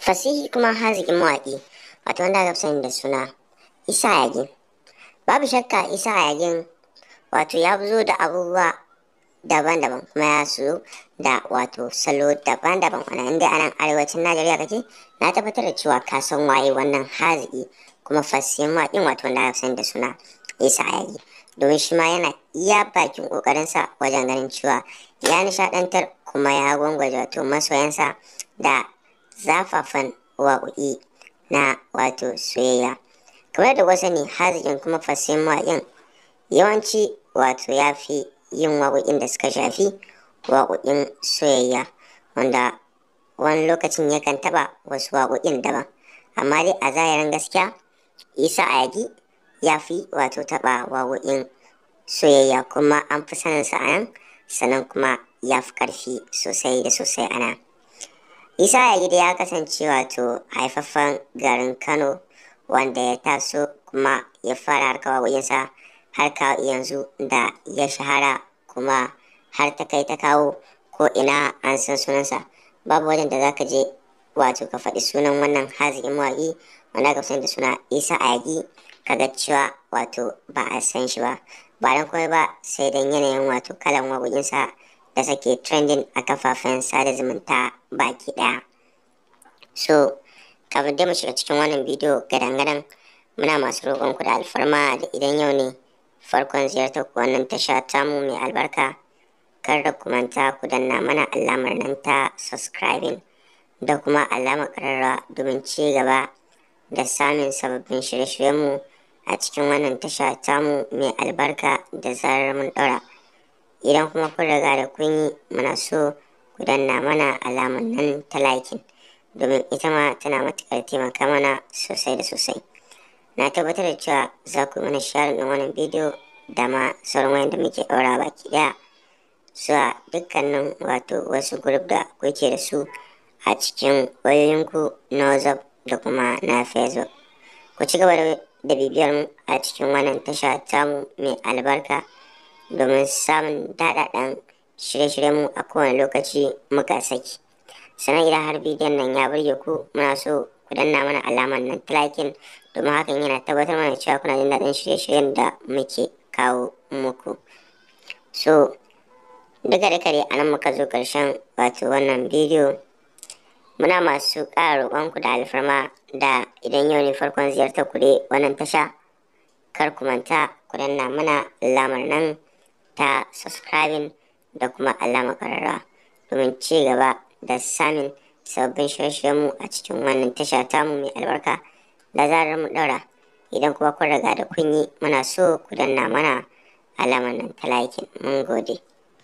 fasihi kuma haziƙin mawaƙi wato wanda aka sani da suna isa yagin babu shakka isa yagin wato ya zo da abubuwa daban-daban kuma ya so da wato salo daban-daban wannan inda a nan arewacin najeriya kake na tabbatar da cewa ka san waye wannan haziki kuma fasihin mawaƙin wato wanda aka sani da suna isa yagin domin shi ma yana iya bakin ƙoƙarinsa wajen ganin cewa ya nishaɗantar kuma ya gwangwaje wato masoyansa da zafafan wa'o'i na wato soyayya kamar da wasu ne haziƙin kuma fasin wa'in yawanci wato ya fi yin waƙoƙin da suka shafi waƙoƙin soyayya wanda wani lokacin yakan taɓa wasu waƙoƙin daban amma dai a zahirin gaskiya isa ayagi ya fi wato taɓa waƙoƙin soyayya kuma an fi sanin sa sannan kuma ya fi ƙarfi sosai da sosai a isa da ya kasance wato haifafan garin kano wanda ya taso kuma ya fara harka waƙoƙinsa har kawo yanzu da ya shahara kuma har ta kai ta kawo ko ina an san sunansa babu wajen da zaka je wato ka faɗi sunan wannan haziƙin mawaƙi wanda ka da suna isa ayagi kaga cewa wato ba a san shi ba ba don kawai ba sai dan yanayin wato kalan waƙoƙinsa da suke trending a kafafen sada zumunta baki daya so kafin dai mu shiga cikin wannan bidiyo gadan-gadan muna masu roƙon ku da alfarma da idan yau ne farkon ziyartar ku wannan tasha tamu mai albarka kar da ku manta ku danna mana alamar nan ta subscribing da kuma alamar ƙararra domin ci gaba da samun sababbin shirye-shiryenmu a cikin wannan tasha tamu mai albarka da zarar mun ɗora. idan kuma kun riga da kun yi mana so ku danna mana alamun nan ta likin domin ita ma tana matuƙar taimaka mana sosai da sosai na tabbatar da cewa za ku mana share ɗin wannan bidiyo da ma sauran wayan da muke ɗaura baki ɗaya zuwa dukkanin wato wasu group da kuke da su a cikin wayoyinku na whatsapp da kuma na facebook ku ci gaba da bibiyar mu a cikin wannan tasha tamu mai albarka domin samun daɗaɗɗen shirye mu a kowane lokaci muka saki. Sannan idan har bidiyon nan ya burge ku muna so ku danna mana alamar nan ta likin domin hakan yana tabbatar mana cewa kuna jin daɗin shirye-shiryen da muke kawo muku. So, duka kare a anan muka zo ƙarshen wato wannan bidiyo. Muna masu ƙara ku da alfarma da idan yau ne farkon ziyartar ku dai wannan tasha kar ku manta ku danna mana alamar nan ta subscribing da kuma alama ƙararra domin ci gaba da samun sabbin shirye mu a cikin wannan tasha tamu mai albarka da zarar mu ɗaura idan kuma kun riga da kun yi muna so ku danna mana alama nan ta like mun gode.